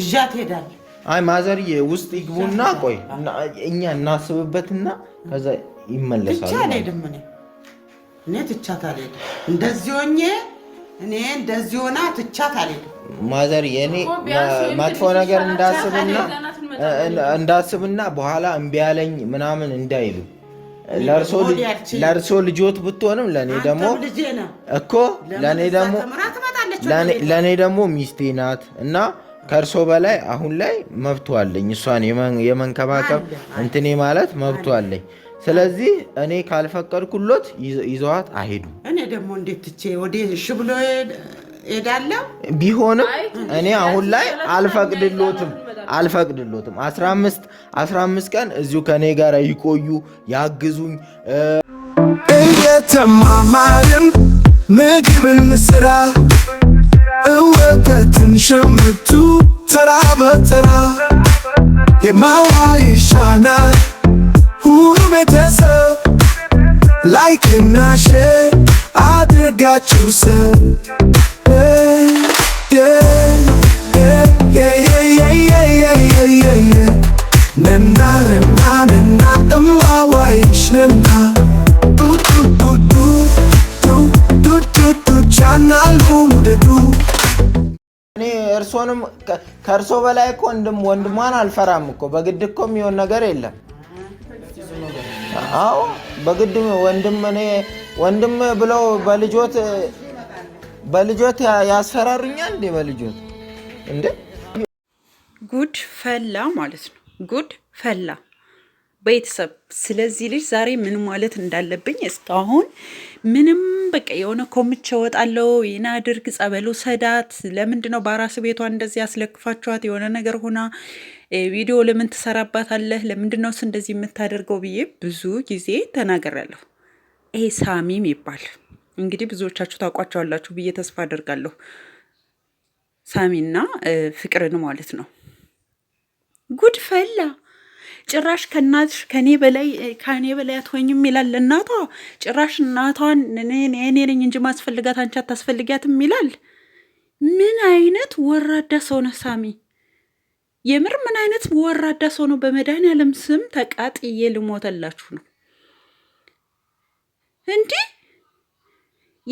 እዣት ሄዳለሁ። አይ ማዘርዬ ውስጥ ይግቡና ቆይ እኛ እናስብበትና ከዛ ይመለሳል። ብቻ አልሄድም እኔ እኔ ትቻት አልሄድም። እንደዚህ ሆኜ እኔ እንደዚህ ሆና ትቻት አልሄድም። ማዘርዬ እኔ መጥፎ ነገር እንዳስብና እንዳስብና በኋላ እምቢ አለኝ ምናምን እንዳይሉ ለእርሶ ልጆት ብትሆንም ለእኔ ደግሞ እኮ ለእኔ ደግሞ ለእኔ ደግሞ ሚስቴ ናት እና ከእርሶ በላይ አሁን ላይ መብቱ አለኝ። እሷን የመንከባከብ እንትኔ ማለት መብቱ አለኝ። ስለዚህ እኔ ካልፈቀድኩሎት ይዘዋት አይሄዱ። እኔ ደግሞ እንዴት ትቼ ወደ እሺ ብሎ ሄዳለሁ። ቢሆንም እኔ አሁን ላይ አልፈቅድሎትም አልፈቅድሎትም። 15 15 ቀን እዚሁ ከእኔ ጋር ይቆዩ፣ ያግዙኝ። እየተማማርን ምግብን ስራ እውቀትን ሸምቱ ተራ በተራ የማዋ ይሻናል ሁሉ ቤተሰብ ላይክ እና ሼር አድርጋችሁ ሰብ እርሶንም ከእርሶ በላይ እኮ ወንድሟን አልፈራም እኮ። በግድ እኮ የሚሆን ነገር የለም። አዎ በግድ ወንድም እኔ ወንድም ብለው በልጆት በልጆት ያስፈራሩኛል እንዴ? በልጆት እንዴ! ጉድ ፈላ ማለት ነው። ጉድ ፈላ ቤተሰብ ስለዚህ ልጅ ዛሬ ምን ማለት እንዳለብኝ እስካሁን ምንም በቃ የሆነ ኮምቼ እወጣለሁ። ይህን አድርግ፣ ጸበሉ ሰዳት። ለምንድን ነው በአራስ ቤቷ እንደዚህ ያስለክፋችኋት? የሆነ ነገር ሆና ቪዲዮ ለምን ትሰራባታለህ? ለምንድን ነው እንደዚህ የምታደርገው ብዬ ብዙ ጊዜ ተናግሬያለሁ። ይሄ ሳሚ ይባል እንግዲህ ብዙዎቻችሁ ታውቋቸዋላችሁ ብዬ ተስፋ አደርጋለሁ። ሳሚና ፍቅርን ማለት ነው። ጉድ ፈላ ጭራሽ ከእናትሽ ከኔ በላይ ከኔ በላይ አትሆኝም ይላል ለእናቷ ጭራሽ እናቷን እኔ ነኝ እንጂ ማስፈልጋት አንቺ አታስፈልጊያትም ይላል። ምን አይነት ወራዳ ሰው ነው ሳሚ? የምር ምን አይነት ወራዳ ሰው ነው? በመድኃኒዓለም ስም ተቃጥዬ ልሞተላችሁ ነው እንዲህ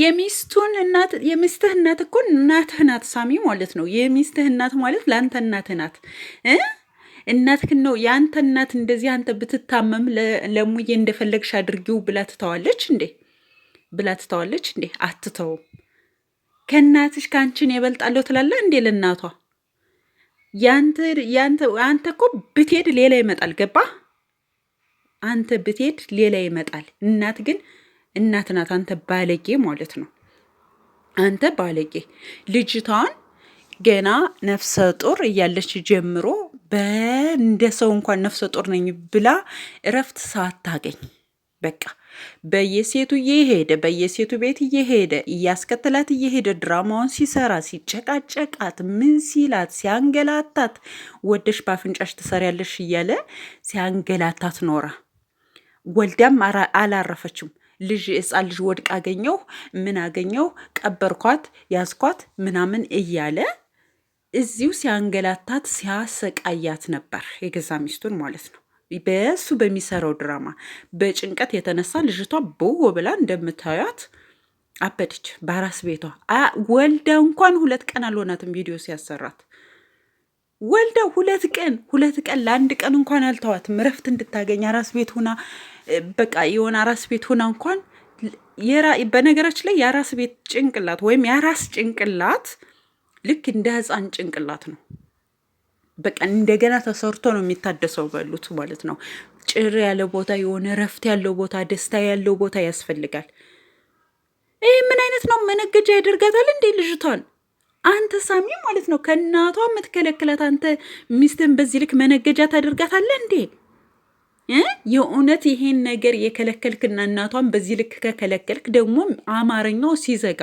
የሚስቱን እናት የሚስትህ እናት እኮ እናትህ ናት ሳሚ ማለት ነው። የሚስትህ እናት ማለት ለአንተ እናትህ ናት። እናትክን ነው የአንተ እናት እንደዚህ አንተ ብትታመም ለሙዬ እንደፈለግሽ አድርጊው ብላ ትተዋለች እንዴ? ብላ ትተዋለች እንዴ? አትተውም። ከእናትሽ ከአንቺን የበልጣለሁ ትላለ እንዴ ለእናቷ? አንተ እኮ ብትሄድ ሌላ ይመጣል። ገባ? አንተ ብትሄድ ሌላ ይመጣል። እናት ግን እናት ናት። አንተ ባለጌ ማለት ነው። አንተ ባለጌ ልጅቷን ገና ነፍሰ ጡር እያለች ጀምሮ በእንደ ሰው እንኳን ነፍሰ ጡር ነኝ ብላ እረፍት ሳታገኝ በቃ በየሴቱ እየሄደ በየሴቱ ቤት እየሄደ እያስከተላት እየሄደ ድራማውን ሲሰራ ሲጨቃጨቃት ምን ሲላት ሲያንገላታት ወደሽ በአፍንጫሽ ትሰሪያለሽ እያለ ሲያንገላታት ኖራ ወልዳም አላረፈችም። ልጅ የህፃን ልጅ ወድቅ አገኘው ምን አገኘው? ቀበርኳት ያዝኳት ምናምን እያለ እዚሁ ሲያንገላታት ሲያሰቃያት ነበር፣ የገዛ ሚስቱን ማለት ነው። በሱ በሚሰራው ድራማ በጭንቀት የተነሳ ልጅቷ ቦ ብላ እንደምታዩት አበደች። በአራስ ቤቷ ወልዳ እንኳን ሁለት ቀን አልሆናትም ቪዲዮ ሲያሰራት ወልዳ ሁለት ቀን ሁለት ቀን ለአንድ ቀን እንኳን አልተዋትም፣ እረፍት እንድታገኝ አራስ ቤት ሆና በቃ የሆነ አራስ ቤት ሁና እንኳን በነገራችን ላይ የአራስ ቤት ጭንቅላት ወይም የአራስ ጭንቅላት ልክ እንደ ህፃን ጭንቅላት ነው። በቃ እንደገና ተሰርቶ ነው የሚታደሰው በሉት ማለት ነው። ጭር ያለ ቦታ፣ የሆነ እረፍት ያለው ቦታ፣ ደስታ ያለው ቦታ ያስፈልጋል። ይህ ምን አይነት ነው? መነገጃ ያደርጋታል እንዴ ልጅቷን? አንተ ሳሚ ማለት ነው ከእናቷ የምትከለክላት አንተ ሚስትን በዚህ ልክ መነገጃ ታደርጋታለህ እንዴ? የእውነት ይሄን ነገር የከለከልክና እናቷን በዚህ ልክ ከከለከልክ ደግሞ አማርኛው ሲዘጋ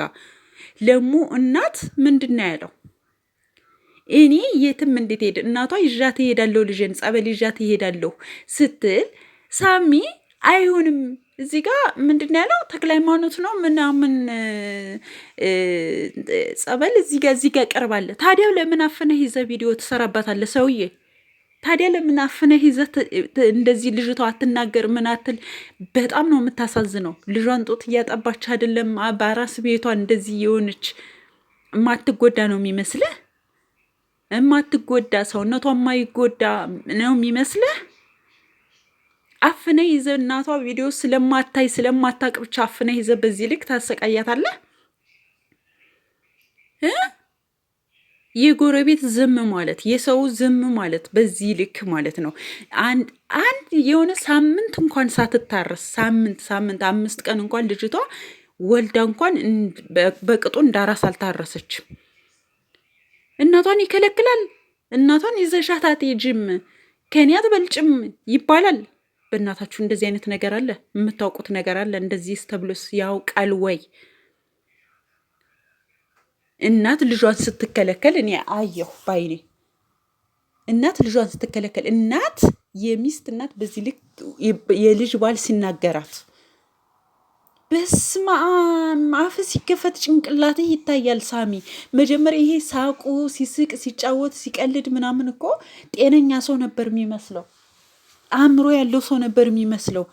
ለሙ እናት ምንድን ነው ያለው? እኔ የትም እንዴት ሄድ እናቷ ይዣት እሄዳለሁ ልጄን ጸበል ይዣት እሄዳለሁ ስትል ሳሚ አይሆንም እዚህ ጋር ምንድን ያለው ተክለ ሃይማኖት ነው ምናምን ጸበል እዚህ ጋር እዚህ ጋር ቀርባለ። ታዲያ ለምን አፍነህ ይዘህ ቪዲዮ ትሰራባታለህ? ሰውዬ ታዲያ ለምን አፍነህ ይዘህ እንደዚህ ልጅቷ አትናገር ምን አትል? በጣም ነው የምታሳዝነው። ልጇን ጦት እያጠባች አይደለም በአራስ ቤቷ እንደዚህ የሆነች የማትጎዳ ነው የሚመስልህ? የማትጎዳ ሰውነቷ የማይጎዳ ነው የሚመስልህ? አፍነህ ይዘህ እናቷ ቪዲዮ ስለማታይ ስለማታቅ ብቻ አፍነህ ይዘህ በዚህ ልክ ታሰቃያታለህ? የጎረቤት ዝም ማለት የሰው ዝም ማለት በዚህ ልክ ማለት ነው። አንድ የሆነ ሳምንት እንኳን ሳትታረስ ሳምንት ሳምንት አምስት ቀን እንኳን ልጅቷ ወልዳ እንኳን በቅጡ እንዳራስ አልታረሰች። እናቷን ይከለክላል። እናቷን ይዘሻት አትሄጂም፣ ከኔ አትበልጭም ይባላል። በእናታችሁ እንደዚህ አይነት ነገር አለ? የምታውቁት ነገር አለ? እንደዚህ ተብሎስ ያውቃል ወይ? እናት ልጇን ስትከለከል እኔ አየሁ ባይኔ። እናት ልጇን ስትከለከል እናት የሚስት እናት በዚህ ልክ የልጅ ባል ሲናገራት በስመ አብ አፍ ሲከፈት ጭንቅላት ይታያል። ሳሚ መጀመሪያ ይሄ ሳቁ ሲስቅ ሲጫወት ሲቀልድ ምናምን እኮ ጤነኛ ሰው ነበር የሚመስለው፣ አእምሮ ያለው ሰው ነበር የሚመስለው።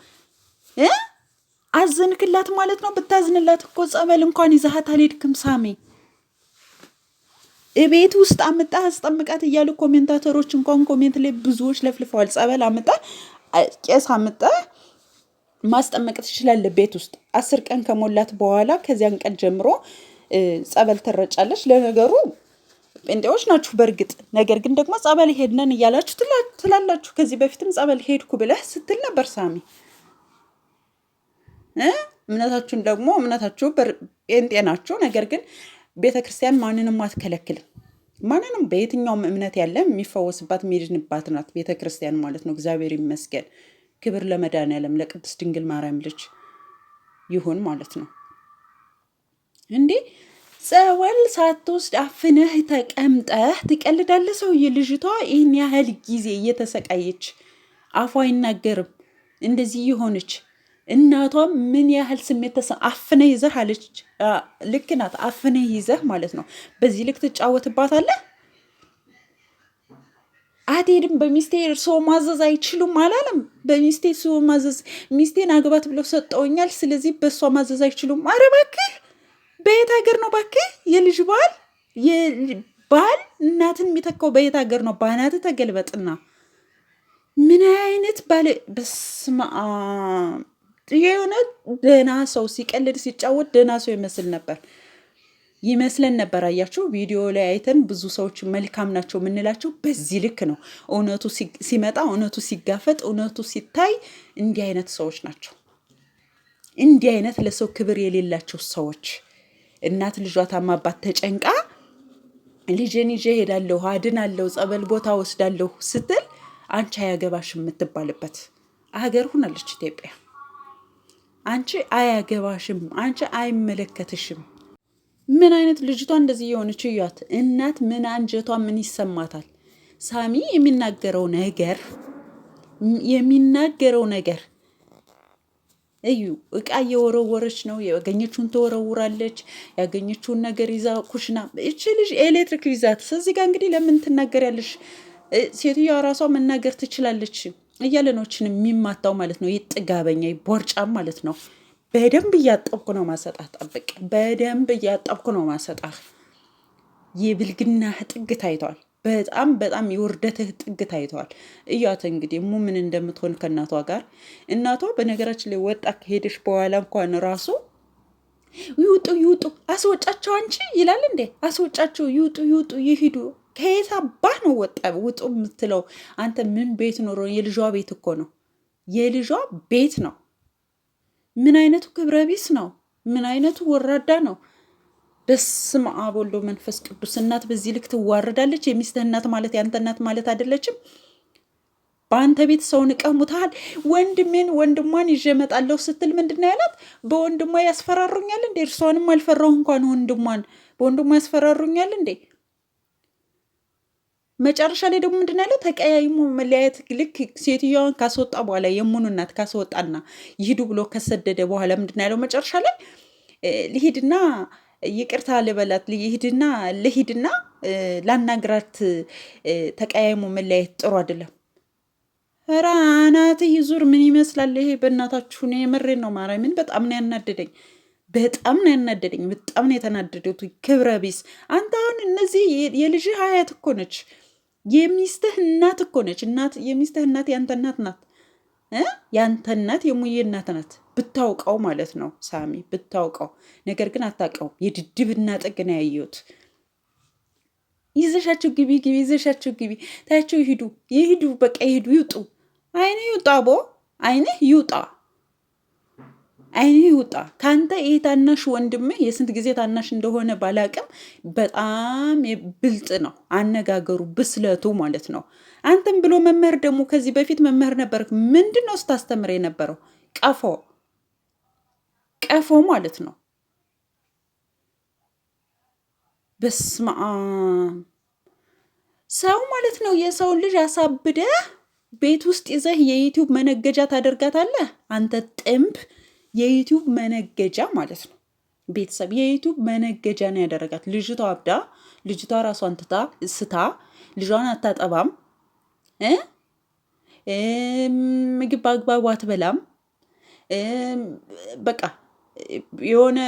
አዘንክላት ማለት ነው። ብታዝንላት እኮ ጸበል እንኳን ይዛሃት አልሄድክም ሳሚ። ቤት ውስጥ አምጣ አስጠምቃት እያሉ ኮሜንታተሮች እንኳን ኮሜንት ላይ ብዙዎች ለፍልፈዋል። ጸበል አምጣ፣ ቄስ አምጣ ማስጠመቅ ትችላለ ቤት ውስጥ አስር ቀን ከሞላት በኋላ ከዚያን ቀን ጀምሮ ጸበል ትረጫለች። ለነገሩ ጴንጤዎች ናችሁ በእርግጥ ነገር ግን ደግሞ ጸበል ሄድነን እያላችሁ ትላላችሁ። ከዚህ በፊትም ጸበል ሄድኩ ብለህ ስትል ነበር ሳሚ። እምነታችሁን ደግሞ እምነታችሁ ጴንጤ ናችሁ፣ ነገር ግን ቤተ ክርስቲያን ማንንም አትከለክልም። ማንንም በየትኛውም እምነት ያለ የሚፈወስባት የሚድንባት ናት ቤተ ክርስቲያን ማለት ነው። እግዚአብሔር ይመስገን። ክብር ለመድኃኔዓለም ለቅድስት ድንግል ማርያም ልጅ ይሁን ማለት ነው። እንዴ ጸበል ሳትወስድ አፍነህ ተቀምጠህ ትቀልዳለህ ሰውዬ። ልጅቷ ይህን ያህል ጊዜ እየተሰቃየች አፏ አይናገርም እንደዚህ የሆነች እናቷም ምን ያህል ስሜት ተሰ አፍነ ይዘህ አለች። ልክ ናት። አፍነ ይዘህ ማለት ነው። በዚህ ልክ ትጫወትባታለህ። አትሄድም። በሚስቴ ሰው ማዘዝ አይችሉም አላለም። በሚስቴ ሰው ማዘዝ ሚስቴን አግባት ብለው ሰጠውኛል። ስለዚህ በእሷ ማዘዝ አይችሉም። አረ እባክህ፣ በየት ሀገር ነው እባክህ? የልጅ ባል ባል እናትን የሚተካው በየት ሀገር ነው? በአናት ተገልበጥና ምን አይነት ባለ በስማ የሆነ ደህና ሰው ሲቀልድ ሲጫወት ደህና ሰው ይመስል ነበር ይመስለን ነበር። አያቸው ቪዲዮ ላይ አይተን ብዙ ሰዎች መልካም ናቸው የምንላቸው በዚህ ልክ ነው። እውነቱ ሲመጣ፣ እውነቱ ሲጋፈጥ፣ እውነቱ ሲታይ እንዲህ አይነት ሰዎች ናቸው። እንዲህ አይነት ለሰው ክብር የሌላቸው ሰዎች እናት ልጇ ታማባት ተጨንቃ ልጄን ይዤ እሄዳለሁ፣ አድናለሁ፣ ጸበል ቦታ ወስዳለሁ ስትል አንቺ አያገባሽ የምትባልበት አገር ሁናለች ኢትዮጵያ። አንቺ አያገባሽም፣ አንቺ አይመለከትሽም። ምን አይነት ልጅቷ እንደዚህ የሆነች እያት። እናት ምን አንጀቷ ምን ይሰማታል? ሳሚ የሚናገረው ነገር የሚናገረው ነገር እዩ። እቃ እየወረወረች ነው፣ ያገኘችውን ትወረውራለች፣ ያገኘችውን ነገር ይዛ ኩሽና። እች ልጅ ኤሌክትሪክ ይዛት እዚህ ጋር እንግዲህ ለምን ያለሽ ሴትዮዋ ራሷ መናገር ትችላለች። እያለኖችን የሚማታው ማለት ነው። ይጥጋበኛ ቦርጫም ማለት ነው። በደንብ እያጠብኩ ነው ማሰጣህ። ጠብቅ። በደንብ እያጠብኩ ነው ማሰጣህ። የብልግና ጥግ ታይተዋል። በጣም በጣም የውርደትህ ጥግ ታይተዋል። እያት እንግዲህ ሙ ምን እንደምትሆን ከእናቷ ጋር እናቷ በነገራችን ላይ ወጣ ከሄደሽ በኋላ እንኳን ራሱ ይውጡ ይውጡ አስወጫቸው አንቺ ይላል እንዴ አስወጫቸው ይውጡ ይውጡ ይሂዱ ከየት አባህ ነው ወጣ ውጡ የምትለው? አንተ ምን ቤት ኖሮ? የልጇ ቤት እኮ ነው፣ የልጇ ቤት ነው። ምን አይነቱ ክብረ ቢስ ነው? ምን አይነቱ ወራዳ ነው? በስመ አብ ወልድ መንፈስ ቅዱስ። እናት በዚህ ልክ ትዋረዳለች? የሚስትህ እናት ማለት የአንተ እናት ማለት አይደለችም? በአንተ ቤት ሰውን እቀሙታል ወንድሜን ወንድሟን ይዤ እመጣለሁ ስትል ምንድን ነው ያላት? በወንድሟ ያስፈራሩኛል እንዴ? እርሷንም አልፈራሁ እንኳን ወንድሟን፣ በወንድሟ ያስፈራሩኛል እንዴ? መጨረሻ ላይ ደግሞ ምንድን ያለው ተቀያይሞ መለያየት ልክ ሴትዮዋን ካስወጣ በኋላ የሙኑ እናት ካስወጣና ይሂዱ ብሎ ከሰደደ በኋላ ምንድን ያለው መጨረሻ ላይ ልሂድና ይቅርታ ልበላት ልሂድና ልሂድና ላናግራት ተቀያይሞ መለያየት ጥሩ አይደለም። ኧረ አናት ይዙር ምን ይመስላል ይሄ? በእናታችሁ ነው የምሬን ነው። ማርያምን በጣም ነው ያናደደኝ። በጣም ነው ያናደደኝ። በጣም ነው የተናደደቱ ክብረ ቢስ። አንተ አሁን እነዚህ የልጅ አያት እኮ ነች። የሚስትህ እናት እኮ ነች። እናት የሚስትህ እናት ያንተ እናት ናት። ያንተ እናት የሙዬ እናት ናት። ብታውቀው ማለት ነው ሳሚ፣ ብታውቀው ነገር ግን አታውቀውም። የድድብና ጥግ ነው ያየሁት። ይዘሻችሁ ግቢ ግቢ፣ ይዘሻችሁ ግቢ፣ ታያቸው ይሂዱ፣ ይሂዱ፣ በቃ ይሂዱ፣ ይውጡ። አይንህ ይውጣ ቦ አይንህ ይውጣ። አይኔ ይውጣ ከአንተ ይሄ ታናሽ ወንድምህ የስንት ጊዜ ታናሽ እንደሆነ ባላቅም በጣም ብልጥ ነው አነጋገሩ፣ ብስለቱ ማለት ነው። አንተም ብሎ መምህር ደግሞ ከዚህ በፊት መምህር ነበር። ምንድን ነው ስታስተምር የነበረው? ቀፎ ቀፎ ማለት ነው። በስማ ሰው ማለት ነው። የሰውን ልጅ አሳብደህ ቤት ውስጥ ይዘህ የዩቲዩብ መነገጃ ታደርጋታለህ አንተ ጥምብ የዩቲዩብ መነገጃ ማለት ነው። ቤተሰብ የዩቱብ መነገጃ ነው ያደረጋት። ልጅቷ አብዳ፣ ልጅቷ ራሷን ትታ ስታ፣ ልጇን አታጠባም፣ ምግብ አግባቡ አትበላም። በቃ የሆነ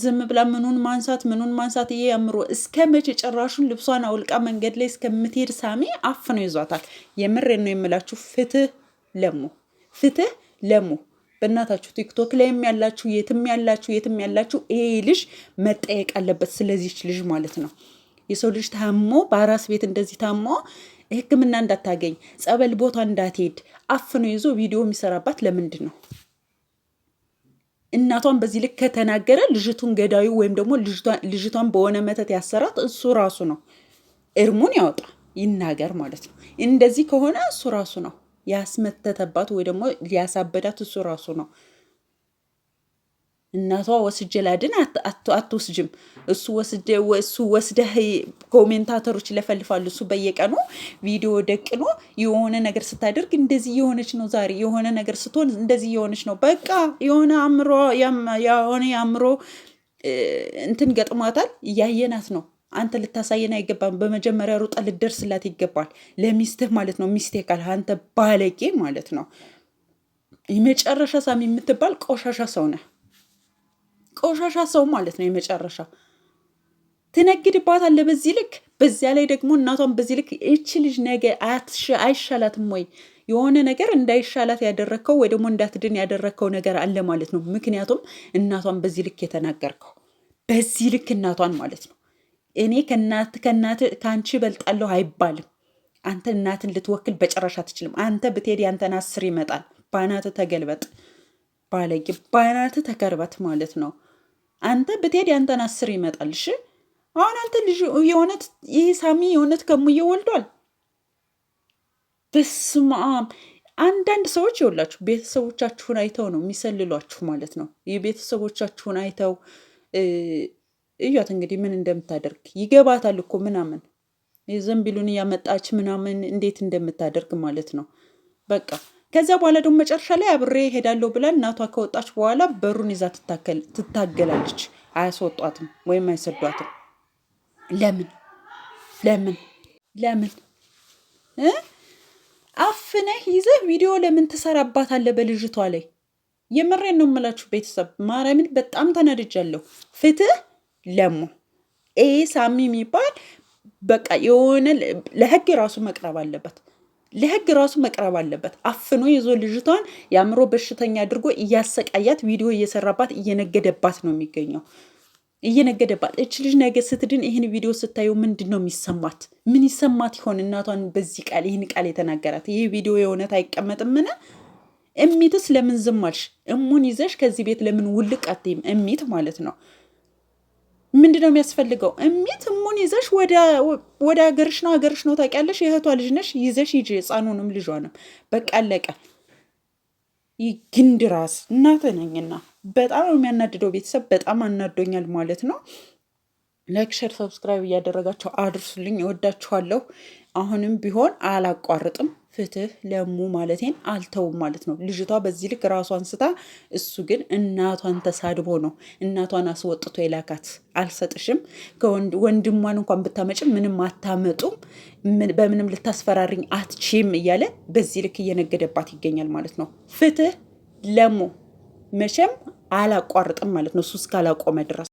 ዝም ብላ ምኑን ማንሳት ምኑን ማንሳት እየ ያምሮ እስከ መቼ ጭራሹን ልብሷን አውልቃ መንገድ ላይ እስከምትሄድ ሳሚ አፍ ነው ይዟታል። የምሬን ነው የምላችሁ። ፍትህ ለሙ፣ ፍትህ ለሙ በእናታችሁ ቲክቶክ ላይም ያላችሁ የትም ያላችሁ የትም ያላችሁ ይሄ ልጅ መጠየቅ አለበት፣ ስለዚች ልጅ ማለት ነው። የሰው ልጅ ታሞ በአራስ ቤት እንደዚህ ታሞ ሕክምና እንዳታገኝ ጸበል ቦታ እንዳትሄድ አፍኖ ይዞ ቪዲዮ የሚሰራባት ለምንድን ነው? እናቷን በዚህ ልክ ከተናገረ ልጅቱን ገዳዩ ወይም ደግሞ ልጅቷን በሆነ መተት ያሰራት እሱ ራሱ ነው። እርሙን ያወጣ ይናገር ማለት ነው። እንደዚህ ከሆነ እሱ ራሱ ነው። ያስመተተባት ወይ ደግሞ ሊያሳበዳት እሱ ራሱ ነው። እናቷ ወስጄ ላድን አትወስጅም። እሱ እሱ ወስደህ ኮሜንታተሮች ይለፈልፋሉ። እሱ በየቀኑ ቪዲዮ ደቅኖ የሆነ ነገር ስታደርግ እንደዚህ የሆነች ነው፣ ዛሬ የሆነ ነገር ስትሆን እንደዚህ የሆነች ነው። በቃ የሆነ አእምሮ የሆነ የአእምሮ እንትን ገጥሟታል። እያየናት ነው አንተ ልታሳየን አይገባም። በመጀመሪያ ሩጣ ልደርስላት ይገባል፣ ለሚስትህ ማለት ነው። ሚስቴ ካል አንተ ባለጌ ማለት ነው። የመጨረሻ ሳሚ የምትባል ቆሻሻ ሰው ነህ። ቆሻሻ ሰው ማለት ነው። የመጨረሻ ትነግድባታለህ በዚህ ልክ። በዚያ ላይ ደግሞ እናቷን በዚህ ልክ። እቺ ልጅ ነገ አይሻላትም ወይ? የሆነ ነገር እንዳይሻላት ያደረግከው ወይ ደግሞ እንዳትድን ያደረግከው ነገር አለ ማለት ነው። ምክንያቱም እናቷን በዚህ ልክ የተናገርከው በዚህ ልክ እናቷን ማለት ነው እኔ ከአንቺ እበልጣለሁ አይባልም። አንተ እናትን ልትወክል በጭራሽ አትችልም። አንተ ብትሄድ ያንተን አስር ይመጣል። ባናት ተገልበጥ ባለጌ፣ ባናት ተከርበት ማለት ነው። አንተ ብትሄድ ያንተን አስር ይመጣል። እሺ አሁን አንተ ልጅ የእውነት ይህ ሳሚ የእውነት ከሙዬ ወልዷል። በስመ አብ አንዳንድ ሰዎች ይወላችሁ ቤተሰቦቻችሁን አይተው ነው የሚሰልሏችሁ ማለት ነው። የቤተሰቦቻችሁን አይተው እያት እንግዲህ ምን እንደምታደርግ ይገባታል እኮ ምናምን ዘንቢሉን እያመጣች ምናምን እንዴት እንደምታደርግ ማለት ነው። በቃ ከዚያ በኋላ ደግሞ መጨረሻ ላይ አብሬ ሄዳለሁ ብላ እናቷ ከወጣች በኋላ በሩን ይዛ ትታገላለች። አያስወጧትም ወይም አይሰዷትም። ለምን ለምን ለምን አፍነህ ይዘህ ቪዲዮ ለምን ትሰራባታለህ በልጅቷ ላይ? የምሬን ነው የምላችሁ ቤተሰብ ማርያምን በጣም ተናድጃለሁ። ፍትህ ለሙ ይሄ ሳሚ የሚባል በቃ የሆነ ለህግ ራሱ መቅረብ አለበት። ለህግ ራሱ መቅረብ አለበት። አፍኖ ይዞ ልጅቷን የአእምሮ በሽተኛ አድርጎ እያሰቃያት ቪዲዮ እየሰራባት እየነገደባት ነው የሚገኘው። እየነገደባት እች ልጅ ነገ ስትድን ይህን ቪዲዮ ስታየው ምንድን ነው የሚሰማት? ምን ይሰማት ይሆን? እናቷን በዚህ ቃል ይህን ቃል የተናገራት ይህ ቪዲዮ የእውነት አይቀመጥምን? እሚትስ ለምን ዝም አልሽ? እሙን ይዘሽ ከዚህ ቤት ለምን ውልቅ አትይም? እሚት ማለት ነው ምንድን ነው የሚያስፈልገው? እሚት እሙን ይዘሽ ወደ ሀገርሽ ነው ሀገርሽ ነው ታውቂያለሽ። የእህቷ ልጅ ነሽ ይዘሽ ሂጂ፣ ህፃኑንም ልጇንም በቃ አለቀ። ግንድራስ እናትነኝና በጣም የሚያናድደው ቤተሰብ በጣም አናዶኛል ማለት ነው። ላይክ፣ ሸር፣ ሰብስክራይብ እያደረጋቸው አድርሱልኝ። እወዳችኋለሁ። አሁንም ቢሆን አላቋርጥም። ፍትህ ለሙ ማለቴን አልተውም ማለት ነው። ልጅቷ በዚህ ልክ ራሷን ስታ፣ እሱ ግን እናቷን ተሳድቦ ነው እናቷን አስወጥቶ የላካት። አልሰጥሽም፣ ወንድሟን እንኳን ብታመጭም ምንም አታመጡም፣ በምንም ልታስፈራሪኝ አትችም እያለ በዚህ ልክ እየነገደባት ይገኛል ማለት ነው። ፍትህ ለሙ መቼም አላቋርጥም ማለት ነው እሱ እስካላቆመ ድረስ